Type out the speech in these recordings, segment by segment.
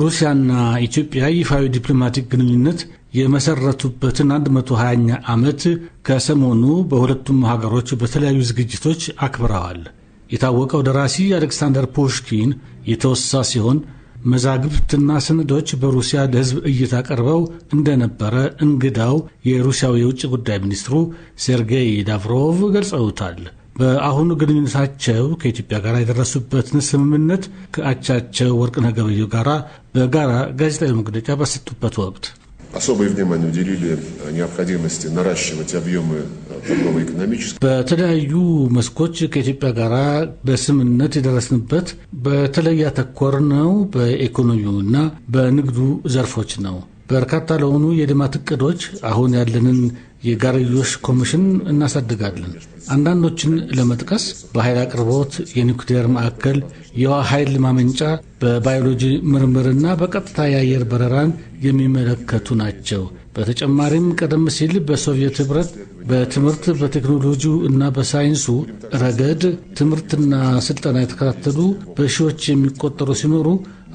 ሩሲያና ኢትዮጵያ ይፋዊ ዲፕሎማቲክ ግንኙነት የመሰረቱበትን 120ኛ ዓመት ከሰሞኑ በሁለቱም ሀገሮች በተለያዩ ዝግጅቶች አክብረዋል። የታወቀው ደራሲ አሌክሳንደር ፑሽኪን የተወሳ ሲሆን መዛግብትና ሰነዶች በሩሲያ ለሕዝብ እይታ ቀርበው እንደነበረ እንግዳው የሩሲያው የውጭ ጉዳይ ሚኒስትሩ ሴርጌይ ላቭሮቭ ገልጸውታል። በአሁኑ ግንኙነታቸው ከኢትዮጵያ ጋር የደረሱበትን ስምምነት ከአቻቸው ወርቅነህ ገበየሁ ጋራ በጋራ ጋዜጣዊ መግለጫ በሰጡበት ወቅት э, э, በተለያዩ መስኮች ከኢትዮጵያ ጋር በስምነት የደረስንበት በተለይ ያተኮርነው በኢኮኖሚውና በንግዱ ዘርፎች ነው። በርካታ ለሆኑ የልማት እቅዶች አሁን ያለንን የጋርዮሽ ኮሚሽን እናሳድጋለን። አንዳንዶችን ለመጥቀስ በኃይል አቅርቦት፣ የኒውክሌር ማዕከል፣ የውሃ ኃይል ማመንጫ፣ በባዮሎጂ ምርምርና በቀጥታ የአየር በረራን የሚመለከቱ ናቸው። በተጨማሪም ቀደም ሲል በሶቪየት ኅብረት በትምህርት በቴክኖሎጂው እና በሳይንሱ ረገድ ትምህርትና ስልጠና የተከታተሉ በሺዎች የሚቆጠሩ ሲኖሩ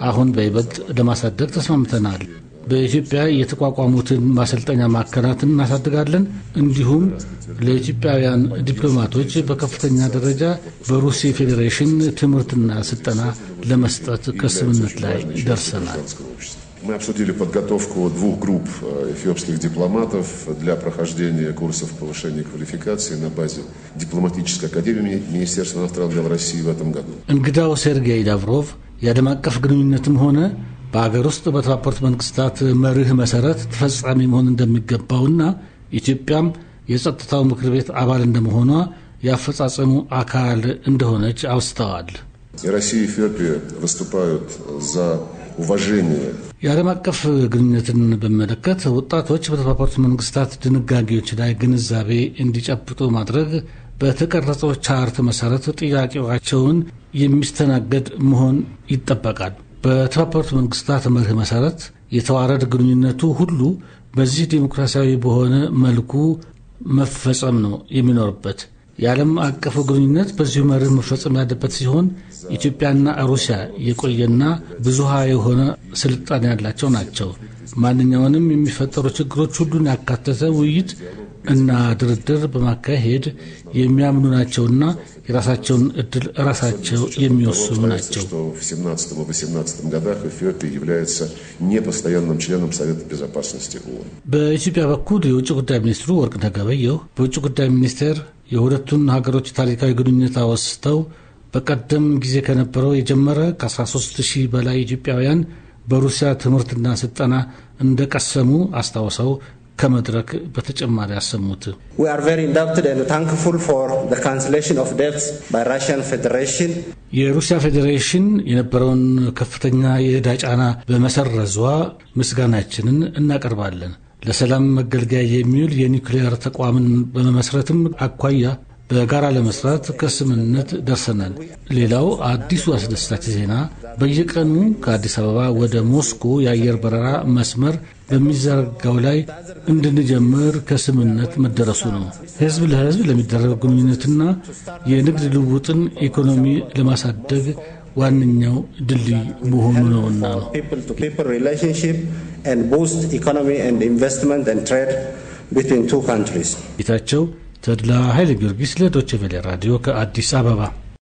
አሁን በይበልጥ ለማሳደግ ተስማምተናል። በኢትዮጵያ የተቋቋሙትን ማሰልጠኛ ማዕከላትን እናሳድጋለን። እንዲሁም ለኢትዮጵያውያን ዲፕሎማቶች በከፍተኛ ደረጃ በሩሲያ ፌዴሬሽን ትምህርትና ስልጠና ለመስጠት ከስምምነት ላይ ደርሰናል። Мы обсудили подготовку двух групп эфиопских дипломатов для прохождения курсов повышения квалификации на базе дипломатической академии Министерства иностранных дел России в этом году. Ингдау Сергей Лавров, የዓለም አቀፍ ግንኙነትም ሆነ በሀገር ውስጥ በተባበሩት መንግስታት መርህ መሰረት ተፈጻሚ መሆን እንደሚገባውና ኢትዮጵያም የጸጥታው ምክር ቤት አባል እንደመሆኗ የአፈጻጸሙ አካል እንደሆነች አውስተዋል። የዓለም አቀፍ ግንኙነትን በመለከት ወጣቶች በተባበሩት መንግስታት ድንጋጌዎች ላይ ግንዛቤ እንዲጨብጡ ማድረግ በተቀረጸው ቻርት መሰረት ጥያቄዋቸውን የሚስተናገድ መሆን ይጠበቃል። በተባበሩት መንግስታት መርህ መሰረት የተዋረድ ግንኙነቱ ሁሉ በዚህ ዴሞክራሲያዊ በሆነ መልኩ መፈጸም ነው የሚኖርበት። የዓለም አቀፉ ግንኙነት በዚሁ መርህ መፈጸም ያለበት ሲሆን ኢትዮጵያና ሩሲያ የቆየና ብዙሃ የሆነ ስልጣን ያላቸው ናቸው። ማንኛውንም የሚፈጠሩ ችግሮች ሁሉን ያካተተ ውይይት እና ድርድር በማካሄድ የሚያምኑ ናቸውና የራሳቸውን እድል ራሳቸው የሚወስኑ ናቸው። በኢትዮጵያ በኩል የውጭ ጉዳይ ሚኒስትሩ ወርቅነህ ገበየሁ በውጭ ጉዳይ ሚኒስቴር የሁለቱን ሀገሮች ታሪካዊ ግንኙነት አወስተው በቀደም ጊዜ ከነበረው የጀመረ ከ13 ሺህ በላይ ኢትዮጵያውያን በሩሲያ ትምህርትና ስልጠና እንደቀሰሙ አስታውሰው ከመድረክ በተጨማሪ ያሰሙት የሩሲያ ፌዴሬሽን የነበረውን ከፍተኛ የዕዳ ጫና በመሰረዟ ምስጋናችንን እናቀርባለን። ለሰላም መገልገያ የሚውል የኒውክሌር ተቋምን በመመስረትም አኳያ በጋራ ለመስራት ከስምምነት ደርሰናል። ሌላው አዲሱ አስደሳች ዜና በየቀኑ ከአዲስ አበባ ወደ ሞስኮ የአየር በረራ መስመር በሚዘረጋው ላይ እንድንጀምር ከስምምነት መደረሱ ነው። ሕዝብ ለሕዝብ ለሚደረግ ግንኙነትና የንግድ ልውውጥን ኢኮኖሚ ለማሳደግ ዋነኛው ድልድይ መሆኑ ነውና ነው። ጌታቸው ተድላ ኃይለ ጊዮርጊስ ለዶችቬሌ ራዲዮ ከአዲስ አበባ